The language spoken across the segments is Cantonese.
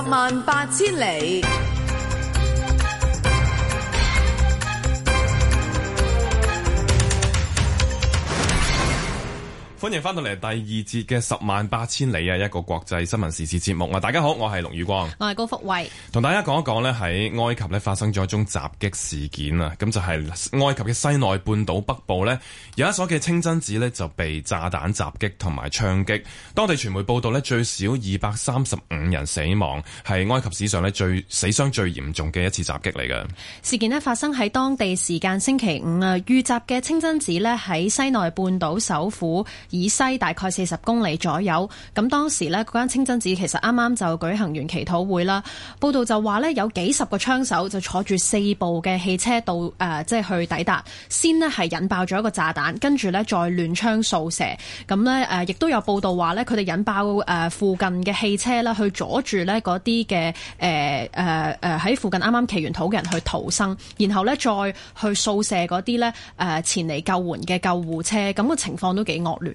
十萬八千里。歡迎翻到嚟第二節嘅十萬八千里啊！一個國際新聞時事節目啊！大家好，我係龍宇光，我係高福慧，同大家講一講呢，喺埃及呢發生咗一宗襲擊事件啊！咁就係、是、埃及嘅西奈半島北部呢有一所嘅清真寺呢就被炸彈襲擊同埋槍擊，當地傳媒報道呢最少二百三十五人死亡，係埃及史上呢最死傷最嚴重嘅一次襲擊嚟嘅。事件呢發生喺當地時間星期五啊，遇襲嘅清真寺呢喺西奈半島首府。以西大概四十公里左右，咁當時呢嗰間清真寺其實啱啱就舉行完祈禱會啦。報道就話呢，有幾十個槍手就坐住四部嘅汽車到誒、呃、即係去抵達，先呢係引爆咗一個炸彈，跟住呢再亂槍掃射。咁呢誒亦、呃、都有報道話呢，佢哋引爆誒、呃、附近嘅汽車呢去阻住呢嗰啲嘅誒誒誒喺附近啱啱祈完禱嘅人去逃生，然後呢再去掃射嗰啲呢誒前嚟救援嘅救護車，咁個情況都幾惡劣。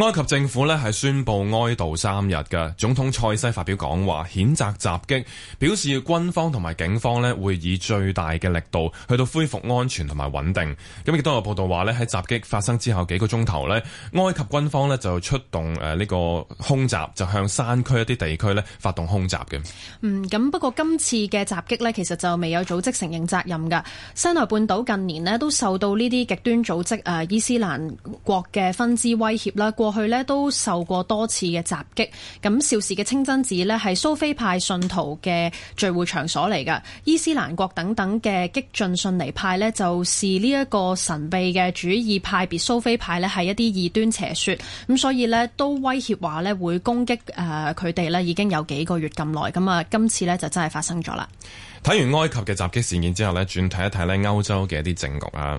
埃及政府呢，係宣布哀悼三日嘅，總統塞西發表講話譴責襲擊，表示軍方同埋警方呢，會以最大嘅力度去到恢復安全同埋穩定。咁亦都有報道話呢，喺襲擊發生之後幾個鐘頭呢，埃及軍方呢就出動誒呢、呃這個空襲，就向山區一啲地區呢發動空襲嘅。嗯，咁不過今次嘅襲擊呢，其實就未有組織承認責任噶。西奈半島近年呢，都受到呢啲極端組織誒、呃、伊斯蘭國嘅分支威脅啦。過去咧都受過多次嘅襲擊，咁肇事嘅清真寺呢，係蘇菲派信徒嘅聚會場所嚟噶，伊斯蘭國等等嘅激進遜尼派呢，就視呢一個神秘嘅主義派別，蘇菲派呢，係一啲異端邪說，咁所以呢，都威脅話咧會攻擊誒佢哋呢，已經有幾個月咁耐，咁啊今次呢，就真係發生咗啦。睇完埃及嘅襲擊事件之後呢，轉睇一睇咧歐洲嘅一啲政局啊。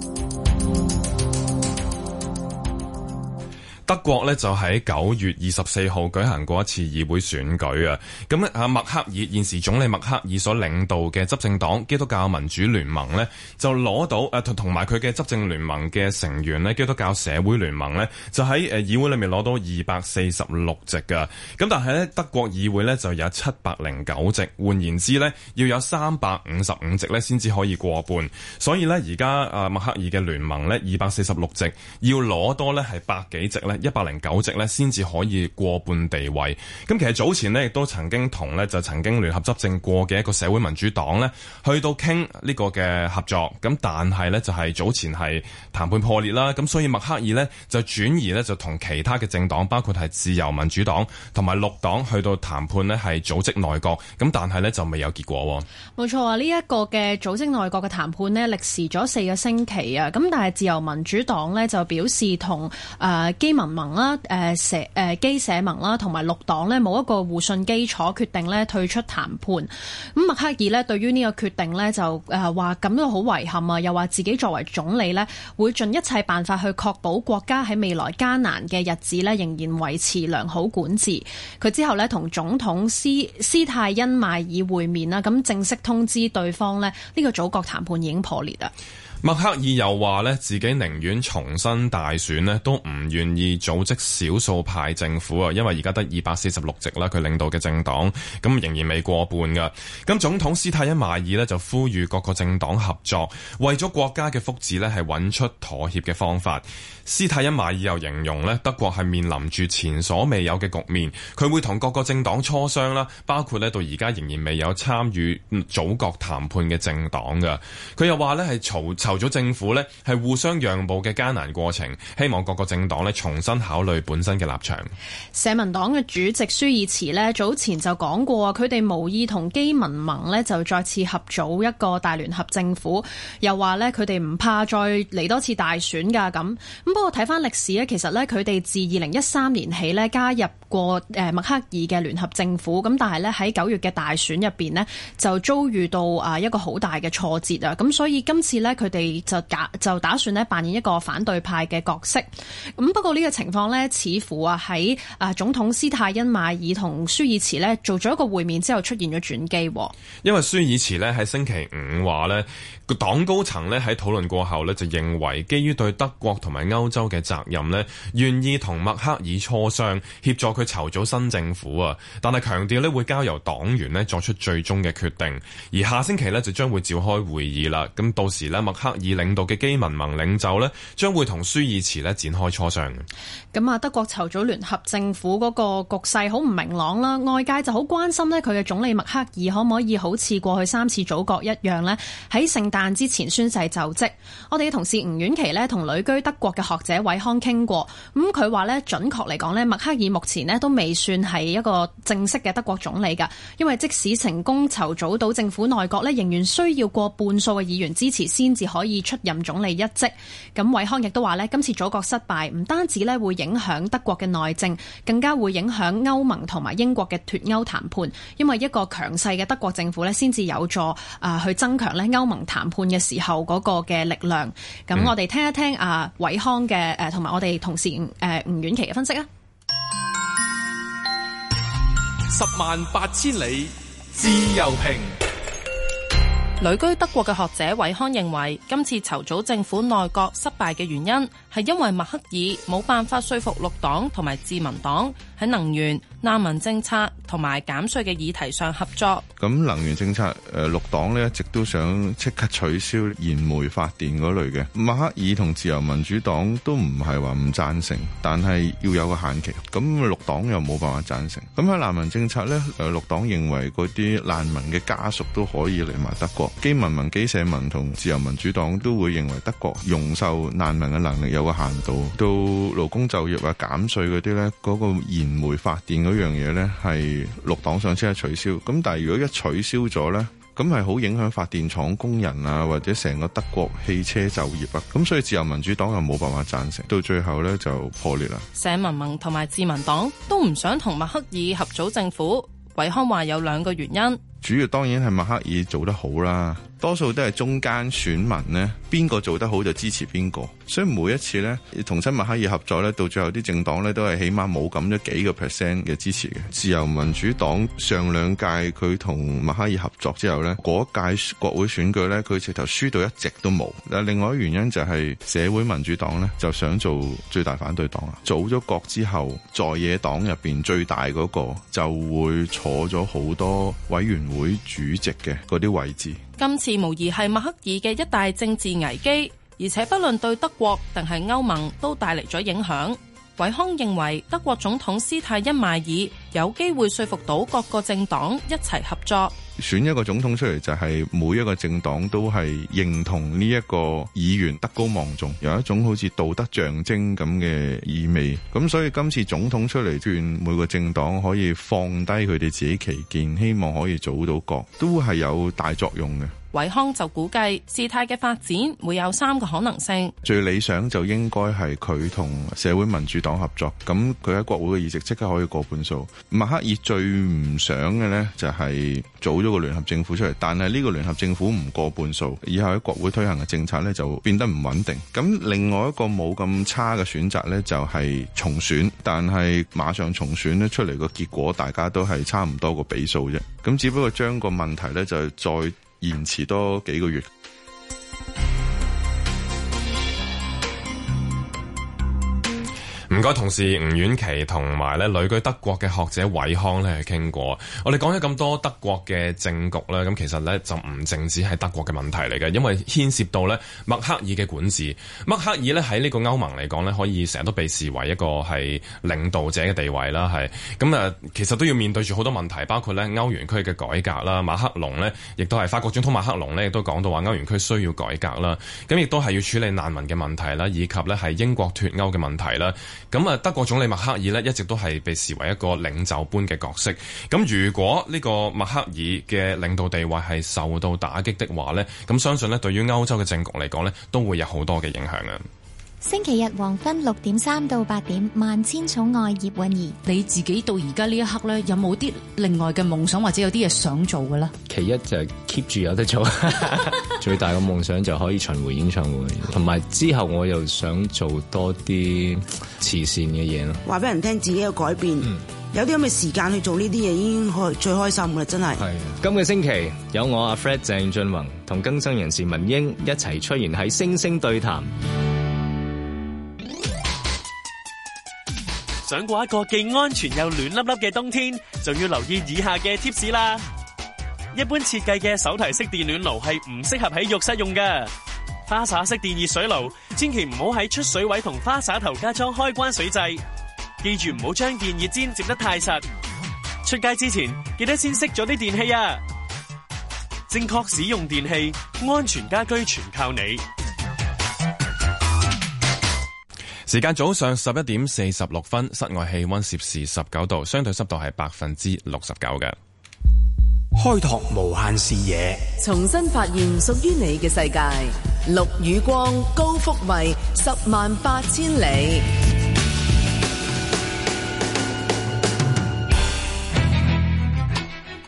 德國咧就喺九月二十四號舉行過一次議會選舉啊，咁咧啊默克爾現時總理默克爾所領導嘅執政黨基督教民主聯盟呢，就攞到誒，同同埋佢嘅執政聯盟嘅成員呢基督教社會聯盟呢，就喺誒議會裏面攞到二百四十六席嘅。咁但係咧德國議會呢就有七百零九席，換言之呢，要有三百五十五席呢先至可以過半，所以呢，而家啊默克爾嘅聯盟呢，二百四十六席要攞多呢係百幾席呢？一百零九席呢先至可以過半地位。咁其實早前呢亦都曾經同呢就曾經聯合執政過嘅一個社會民主黨呢去到傾呢個嘅合作。咁但係呢就係早前係談判破裂啦。咁所以默克爾呢就轉移呢就同其他嘅政黨，包括係自由民主黨同埋綠黨去到談判呢係組織內閣，咁但係呢就未有結果。冇錯啊！呢一個嘅組織內閣嘅談判呢歷時咗四個星期啊。咁但係自由民主黨呢就表示同誒基盟啦，誒、呃、社誒、呃、基社盟啦，同埋綠黨呢，冇一個互信基礎，決定咧退出談判。咁默克爾呢，對於呢個決定呢，就誒話感到好遺憾啊，又話自己作為總理呢，會盡一切辦法去確保國家喺未來艱難嘅日子呢，仍然維持良好管治。佢之後呢，同總統斯斯泰因邁爾會面啦，咁正式通知對方呢，呢、這個組閣談判已經破裂啊！默克爾又話咧，自己寧願重新大選咧，都唔願意組織少數派政府啊，因為而家得二百四十六席啦，佢領導嘅政黨，咁仍然未過半噶。咁總統施泰因邁爾咧就呼籲各個政黨合作，為咗國家嘅福祉咧，係揾出妥協嘅方法。施泰因邁爾又形容呢，德國係面臨住前所未有嘅局面，佢會同各個政黨磋商啦，包括呢到而家仍然未有參與組閣談判嘅政黨㗎。佢又話呢係籌組政府呢係互相讓步嘅艱難過程，希望各個政黨呢重新考慮本身嘅立場。社民黨嘅主席舒爾茨呢，早前就講過，佢哋無意同基民盟呢就再次合組一個大聯合政府，又話呢佢哋唔怕再嚟多次大選㗎咁。不過睇翻歷史咧，其實咧佢哋自二零一三年起咧加入過誒默克爾嘅聯合政府，咁但係咧喺九月嘅大選入邊咧，就遭遇到啊一個好大嘅挫折啊！咁所以今次咧，佢哋就打就打算咧扮演一個反對派嘅角色。咁不過呢個情況咧，似乎啊喺啊總統斯泰因馬爾同舒爾茨咧做咗一個會面之後，出現咗轉機。因為舒爾茨咧喺星期五話咧，個黨高層咧喺討論過後咧就認為，基於對德國同埋歐洲嘅責任咧，願意同默克爾磋商協助佢。佢籌組新政府啊，但係強調呢會交由黨員咧作出最終嘅決定，而下星期呢就將會召開會議啦。咁到時呢，默克爾領導嘅基民盟領袖呢，將會同舒爾茨呢展開磋商。咁啊，德國籌組聯合政府嗰個局勢好唔明朗啦，外界就好關心呢。佢嘅總理默克爾可唔可以好似過去三次組閣一樣呢？喺聖誕之前宣誓就職。我哋嘅同事吳婉琪呢，同旅居德國嘅學者瑋康傾過，咁佢話呢，準確嚟講呢，默克爾目前都未算係一個正式嘅德國總理噶，因為即使成功籌組到政府內閣呢，仍然需要過半數嘅議員支持先至可以出任總理一職。咁瑋康亦都話呢，今次組閣失敗，唔單止呢會影響德國嘅內政，更加會影響歐盟同埋英國嘅脫歐談判，因為一個強勢嘅德國政府呢，先至有助啊去增強呢，歐盟談判嘅時候嗰個嘅力量。咁、嗯、我哋聽一聽啊瑋康嘅誒，同埋我哋同事誒吳婉琪嘅分析啊。十萬八千里自由評。旅居德國嘅學者瑋康認為，今次籌組政府內閣失敗嘅原因，係因為默克爾冇辦法說服綠黨同埋自民黨。喺能源、難民政策同埋減稅嘅議題上合作。咁能源政策，六、呃、綠黨一直都想即刻取消燃煤發電嗰類嘅。默克爾同自由民主黨都唔係話唔贊成，但係要有個限期。咁綠黨又冇辦法贊成。咁喺難民政策呢，六綠黨認為嗰啲難民嘅家屬都可以嚟埋德國。基民盟、基社盟同自由民主黨都會認為德國容受難民嘅能力有個限度。到勞工就業或減稅嗰啲呢，嗰、嗰個燃煤發電嗰樣嘢咧係綠黨上車取消，咁但係如果一取消咗咧，咁係好影響發電廠工人啊，或者成個德國汽車就業啊，咁所以自由民主黨又冇辦法贊成，到最後咧就破裂啦。社民盟同埋自民黨都唔想同默克爾合組政府，瑋康話有兩個原因，主要當然係默克爾做得好啦。多數都係中間選民呢，邊個做得好就支持邊個。所以每一次呢，同親默克爾合作呢，到最後啲政黨呢，都係起碼冇咁咗幾個 percent 嘅支持嘅。自由民主黨上兩屆佢同默克爾合作之後呢，嗰屆國會選舉呢，佢直頭輸到一直都冇。嗱，另外一個原因就係、是、社會民主黨呢，就想做最大反對黨啦，組咗國之後，在野黨入面最大嗰、那個就會坐咗好多委員會主席嘅嗰啲位置。今次無疑係默克爾嘅一大政治危機，而且不論對德國定係歐盟都帶嚟咗影響。瑋康認為德國總統施泰因邁爾有機會說服到各個政黨一齊合作。選一個總統出嚟就係、是、每一個政黨都係認同呢一個議員德高望重，有一種好似道德象徵咁嘅意味。咁所以今次總統出嚟，雖然每個政黨可以放低佢哋自己歧見，希望可以組到國，都係有大作用嘅。瑋康就估計事態嘅發展會有三個可能性，最理想就應該係佢同社會民主黨合作，咁佢喺國會嘅議席即刻可以過半數。默克爾最唔想嘅呢就係組咗個聯合政府出嚟，但係呢個聯合政府唔過半數，以後喺國會推行嘅政策呢就變得唔穩定。咁另外一個冇咁差嘅選擇呢就係重選，但係馬上重選呢出嚟嘅結果大家都係差唔多個比數啫，咁只不過將個問題呢就再。延遲多幾個月。唔該，同事吳婉琪同埋咧旅居德國嘅學者瑋康咧，去傾過。我哋講咗咁多德國嘅政局啦。咁其實咧就唔凈止係德國嘅問題嚟嘅，因為牽涉到咧默克爾嘅管治。默克爾咧喺呢個歐盟嚟講咧，可以成日都被視為一個係領導者嘅地位啦，係咁啊，其實都要面對住好多問題，包括咧歐元區嘅改革啦。馬克龍咧，亦都係法國總統馬克龍咧，亦都講到話歐元區需要改革啦。咁亦都係要處理難民嘅問題啦，以及咧係英國脱歐嘅問題啦。咁啊，德國總理默克爾呢一直都係被視為一個領袖般嘅角色。咁如果呢個默克爾嘅領導地位係受到打擊的話呢，咁相信呢，對於歐洲嘅政局嚟講呢都會有好多嘅影響。星期日黃昏六點三到八點，萬千寵愛葉蘊儀。兒你自己到而家呢一刻咧，有冇啲另外嘅夢想或者有啲嘢想做嘅咧？其一就係 keep 住有得做， 最大嘅夢想就是可以巡回演唱會，同埋之後我又想做多啲慈善嘅嘢咯。話俾人聽自己嘅改變，嗯、有啲咁嘅時間去做呢啲嘢，已經開最開心啦！真係。的今個星期有我阿 Fred 鄭俊弘同更生人士文英一齊出現喺《星星對談》。想過一個既安全又暖粒粒嘅冬天，就要留意以下嘅 tips 啦。一般設計嘅手提式電暖爐係唔適合喺浴室用㗎。花灑式電熱水爐，千祈唔好喺出水位同花灑頭加裝開關水掣。記住唔好將電熱氈接得太實。出街之前，記得先熄咗啲電器啊！正確使用電器，安全家居全靠你。時間早上十一點四十六分，室外氣溫攝氏十九度，相對濕度係百分之六十九嘅。開拓無限視野，重新發現屬於你嘅世界。綠與光，高福位，十萬八千里。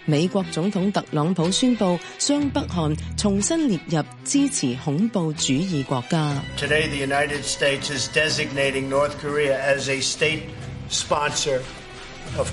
美國總統特朗普宣佈，將北韓重新列入支持恐怖主義國家。Today, the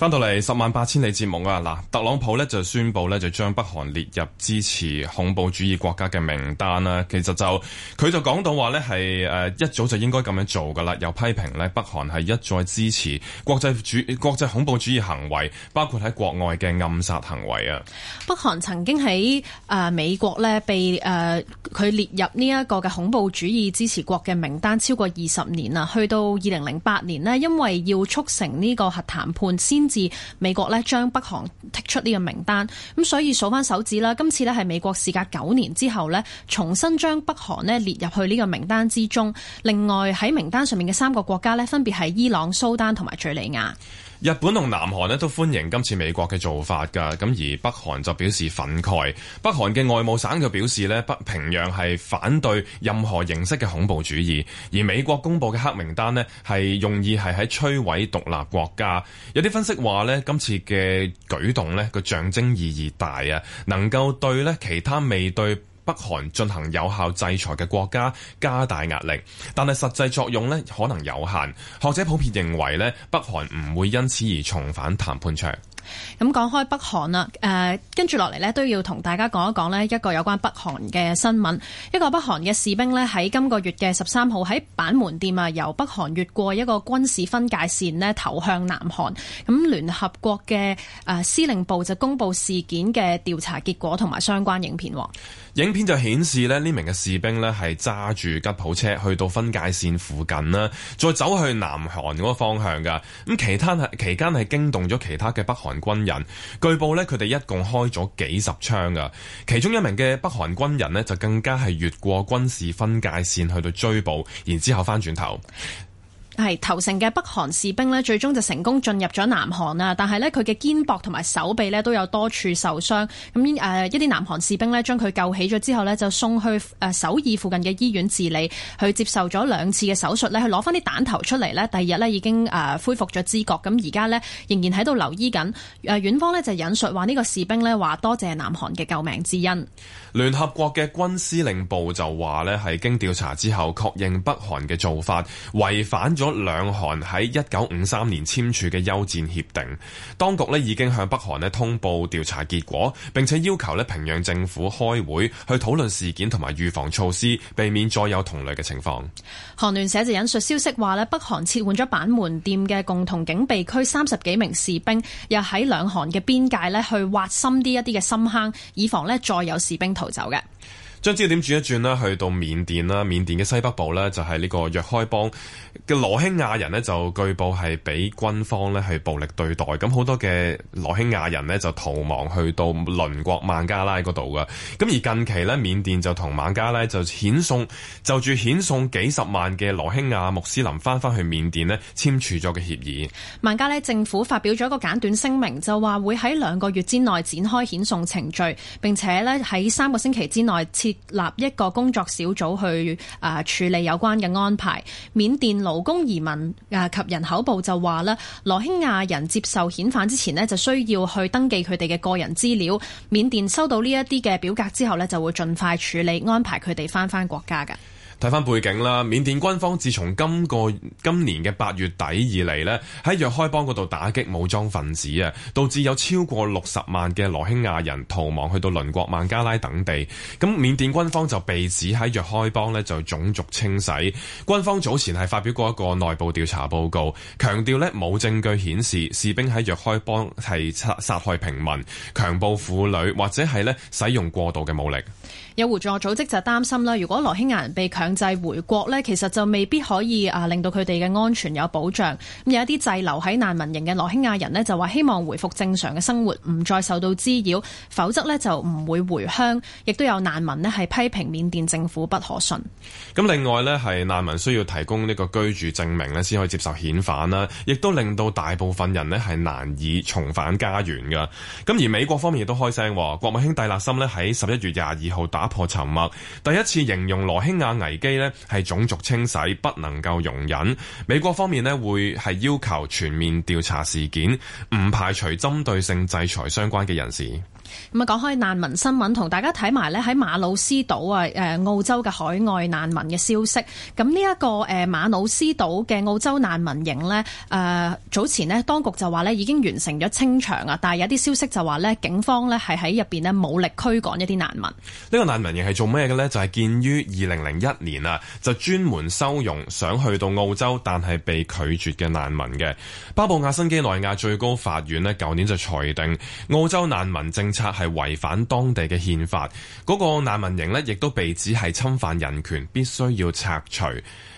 返到嚟十萬八千里節目啊！嗱，特朗普呢就宣布呢，就將北韓列入支持恐怖主義國家嘅名單啦。其實就佢就講到話呢，係誒一早就應該咁樣做噶啦，有批評呢，北韓係一再支持國際主國際恐怖主義行為，包括喺國外嘅暗殺行為啊。北韓曾經喺誒美國呢，被誒佢列入呢一個嘅恐怖主義支持國嘅名單超過二十年啦，去到二零零八年呢，因為要促成呢個核談判先。至美國咧將北韓剔出呢個名單，咁所以數翻手指啦，今次呢係美國事隔九年之後呢，重新將北韓呢列入去呢個名單之中。另外喺名單上面嘅三個國家呢，分別係伊朗、蘇丹同埋敘利亞。日本同南韓都歡迎今次美國嘅做法㗎，咁而北韓就表示憤慨。北韓嘅外務省就表示呢，北平壤係反對任何形式嘅恐怖主義，而美國公佈嘅黑名單呢，係用意係喺摧毀獨立國家。有啲分析話呢，今次嘅舉動呢，個象徵意義大啊，能夠對呢其他未對。北韓進行有效制裁嘅國家加大壓力，但係實際作用咧，可能有限。學者普遍認為咧，北韓唔會因此而重返談判桌。咁講開北韓啦，誒、呃，跟住落嚟咧都要同大家講一講咧一個有關北韓嘅新聞。一個北韓嘅士兵咧喺今個月嘅十三號喺板門店啊，由北韓越過一個軍事分界線咧投向南韓。咁聯合國嘅誒司令部就公布事件嘅調查結果同埋相關影片。影片就顯示呢名嘅士兵呢係揸住吉普車去到分界線附近啦，再走去南韓嗰個方向㗎，咁其他係期間係驚動咗其他嘅北韓軍人，據報呢佢哋一共開咗幾十槍㗎，其中一名嘅北韓軍人呢就更加係越過軍事分界線去到追捕，然之後翻轉頭。係投誠嘅北韓士兵呢最終就成功進入咗南韓啦。但係呢，佢嘅肩膊同埋手臂呢都有多處受傷。咁誒，一啲南韓士兵呢，將佢救起咗之後呢，就送去誒首爾附近嘅醫院治理，去接受咗兩次嘅手術呢去攞翻啲彈頭出嚟呢，第二日呢已經誒恢復咗知覺。咁而家呢，仍然喺度留醫緊。誒，院方呢，就引述話呢個士兵呢話多謝南韓嘅救命之恩。聯合國嘅軍司令部就話呢，係經調查之後確認北韓嘅做法違反咗。兩韓喺一九五三年簽署嘅休戰協定，當局咧已經向北韓咧通報調查結果，並且要求咧平壤政府開會去討論事件同埋預防措施，避免再有同類嘅情況。韓聯社就引述消息話咧，北韓撤換咗板門店嘅共同警備區三十幾名士兵，又喺兩韓嘅邊界咧去挖深啲一啲嘅深坑，以防咧再有士兵逃走嘅。將焦點轉一轉啦，去到緬甸啦，緬甸嘅西北部咧就係呢個若開邦嘅羅興亞人呢就據報係俾軍方呢係暴力對待，咁好多嘅羅興亞人呢就逃亡去到鄰國孟加拉嗰度噶，咁而近期呢緬甸就同孟加拉就遣送，就住遣送幾十萬嘅羅興亞穆斯林翻返去緬甸呢簽署咗嘅協議。孟加拉政府發表咗一個簡短聲明，就話會喺兩個月之內展開遣送程序，並且呢喺三個星期之內立一個工作小組去啊、呃、處理有關嘅安排。緬甸勞工移民啊、呃、及人口部就話呢，羅興亞人接受遣返之前呢，就需要去登記佢哋嘅個人資料。緬甸收到呢一啲嘅表格之後呢，就會盡快處理安排佢哋翻翻國家嘅。睇翻背景啦，緬甸軍方自從今個今年嘅八月底以嚟，呢喺若開邦嗰度打擊武裝分子啊，導致有超過六十萬嘅羅興亞人逃亡去到鄰國孟加拉等地。咁緬甸軍方就被指喺若開邦呢就種族清洗。軍方早前係發表過一個內部調查報告，強調呢冇證據顯示士兵喺若開邦係殺害平民、強暴婦女或者係呢使用過度嘅武力。有援助組織就擔心啦，如果羅興亞人被強制回國咧，其實就未必可以啊，令到佢哋嘅安全有保障。咁有一啲滯留喺難民營嘅羅興亞人咧，就話希望回復正常嘅生活，唔再受到滋擾，否則呢就唔會回鄉。亦都有難民咧係批評緬甸政府不可信。咁另外呢，係難民需要提供呢個居住證明咧，先可以接受遣返啦。亦都令到大部分人咧係難以重返家園噶。咁而美國方面亦都開聲話，國務卿蒂勒森咧喺十一月廿二號。打破沉默，第一次形容羅興亞危機呢，係種族清洗，不能夠容忍。美國方面呢，會係要求全面調查事件，唔排除針對性制裁相關嘅人士。咁啊，講開難民新聞，同大家睇埋咧，喺馬努斯島啊，誒澳洲嘅海外難民嘅消息。咁呢一個誒馬努斯島嘅澳洲難民營呢，誒早前呢，當局就話呢已經完成咗清場啊，但係有啲消息就話呢，警方呢係喺入邊呢武力驅趕一啲難民。呢個難民營係做咩嘅呢？就係、是、建於二零零一年啊，就專門收容想去到澳洲但係被拒絕嘅難民嘅。巴布亞新幾內亞最高法院呢，舊年就裁定澳洲難民政策。係違反當地嘅憲法，嗰個難民營咧，亦都被指係侵犯人權，必須要拆除。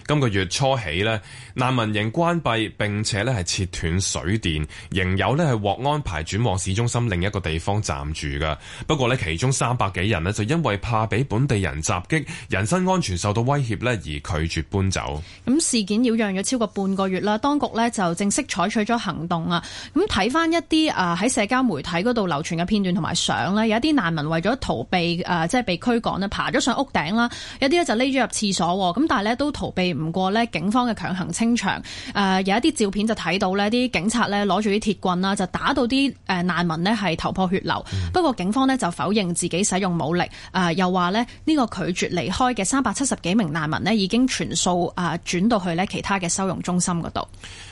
今個月初起咧，難民營關閉並且咧係切斷水電，仍有咧係獲安排轉往市中心另一個地方暫住嘅。不過咧，其中三百幾人咧就因為怕俾本地人襲擊，人身安全受到威脅咧而拒絕搬走。咁事件擾攘咗超過半個月啦，當局咧就正式採取咗行動啊。咁睇返一啲啊喺社交媒體嗰度流傳嘅片段同埋相咧，有一啲難民為咗逃避誒即係被驅趕咧，爬咗上屋頂啦，有啲咧就匿咗入廁所喎。咁但係咧都逃避唔過咧，警方嘅強行清場誒，有一啲照片就睇到呢啲警察咧攞住啲鐵棍啦，就打到啲誒難民咧係頭破血流。嗯、不過警方咧就否認自己使用武力，誒又話咧呢個拒絕離開嘅三百七十幾名難民咧已經全數啊轉到去咧其他嘅收容中心嗰度。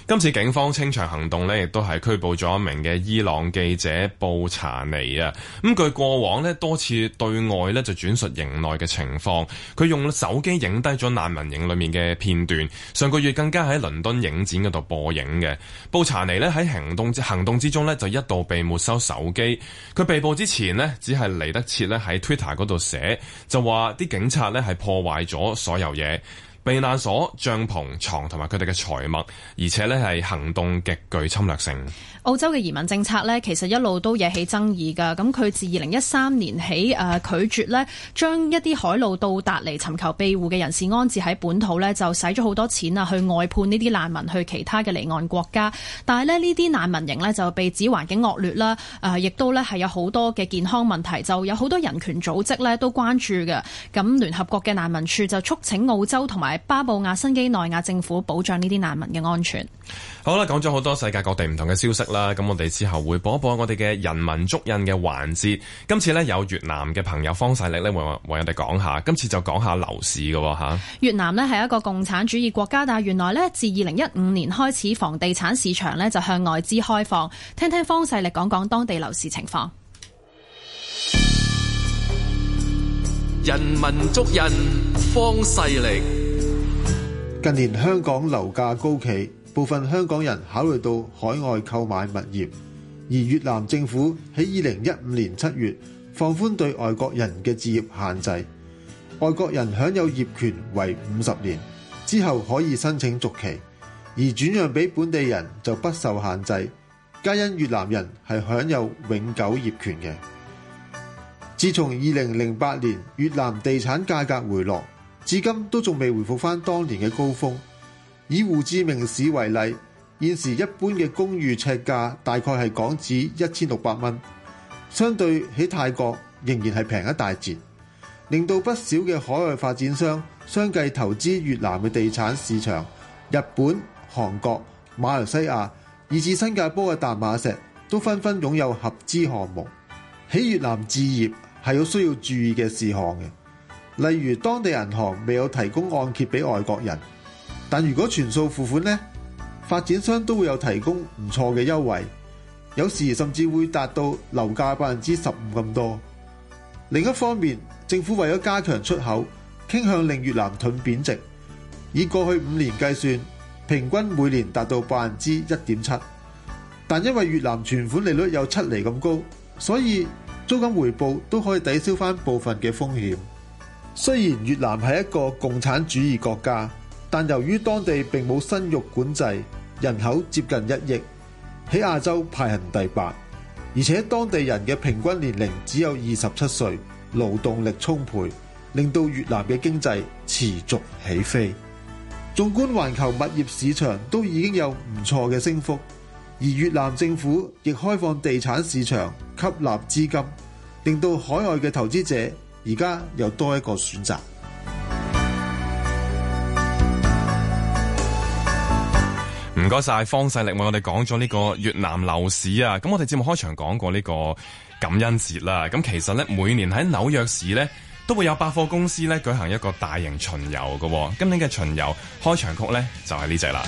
今次警方清場行動咧，亦都係拘捕咗一名嘅伊朗記者布查尼啊。咁佢過往咧多次對外咧就轉述營內嘅情況，佢用手機影低咗難民營裏面嘅。嘅片段，上個月更加喺倫敦影展嗰度播映嘅。布查尼咧喺行動之行動之中咧就一度被沒收手機。佢被捕之前咧只係嚟得切咧喺 Twitter 度寫就話啲警察咧係破壞咗所有嘢。避難所、帳篷、床同埋佢哋嘅財物，而且呢係行動極具侵略性的。澳洲嘅移民政策呢，其實一路都惹起爭議噶。咁佢自二零一三年起，誒、呃、拒絕咧將一啲海路到達嚟尋求庇護嘅人士安置喺本土呢，就使咗好多錢啊，去外判呢啲難民去其他嘅離岸國家。但係咧呢啲難民營呢，就被指環境惡劣啦，誒、呃、亦都呢係有好多嘅健康問題，就有好多人權組織呢都關注嘅。咁聯合國嘅難民處就促請澳洲同埋巴布亞新畿內亞政府保障呢啲難民嘅安全。好啦，講咗好多世界各地唔同嘅消息啦。咁我哋之後會播一播我哋嘅人文足印嘅環節。今次呢，有越南嘅朋友方世歷咧，為我哋講下。今次就講下樓市嘅吓、啊。越南呢係一個共產主義國家，但係原來呢自二零一五年開始，房地產市場呢就向外資開放。聽聽方世歷講講當地樓市情況。人文足印，方世歷。近年香港樓價高企，部分香港人考慮到海外購買物業，而越南政府喺二零一五年七月放寬對外國人嘅置業限制，外國人享有業權為五十年，之後可以申請續期，而轉讓俾本地人就不受限制，皆因越南人係享有永久業權嘅。自從二零零八年越南地產價格回落。至今都仲未回復翻當年嘅高峰。以胡志明市為例，現時一般嘅公寓尺價大概係港紙一千六百蚊，相對喺泰國仍然係平一大截，令到不少嘅海外發展商相繼投資越南嘅地產市場，日本、韓國、馬來西亞，以至新加坡嘅淡馬錫都紛紛擁有合資項目。喺越南置業係有需要注意嘅事項嘅。例如，當地銀行未有提供按揭俾外國人，但如果全數付款呢，發展商都會有提供唔錯嘅優惠，有時甚至會達到樓價百分之十五咁多。另一方面，政府為咗加強出口，傾向令越南盾貶值，以過去五年計算，平均每年達到百分之一點七。但因為越南存款利率有七厘咁高，所以租金回報都可以抵消返部分嘅風險。雖然越南係一個共產主義國家，但由於當地並冇生育管制，人口接近一億，喺亞洲排行第八，而且當地人嘅平均年齡只有二十七歲，勞動力充沛，令到越南嘅經濟持續起飛。縱觀環球物業市場都已經有唔錯嘅升幅，而越南政府亦開放地產市場，吸納資金，令到海外嘅投資者。而家又多一個選擇，唔該晒方世歷為我哋講咗呢個越南樓市啊，咁我哋節目開場講過呢個感恩節啦，咁其實咧每年喺紐約市咧都會有百貨公司咧舉行一個大型巡遊嘅，今年嘅巡遊開場曲咧就係呢隻啦。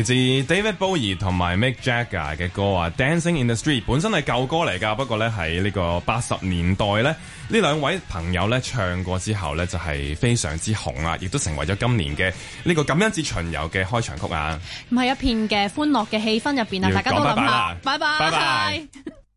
嚟自 David Bowie 同埋 Mick Jagger 嘅歌啊，Dancing in the Street 本身係舊歌嚟噶，不過咧喺呢個八十年代咧，呢兩位朋友咧唱過之後咧就係非常之紅啦，亦都成為咗今年嘅呢個感恩節巡遊嘅開場曲啊！咁係一片嘅歡樂嘅氣氛入邊啊，要說 大家都諗下，拜拜。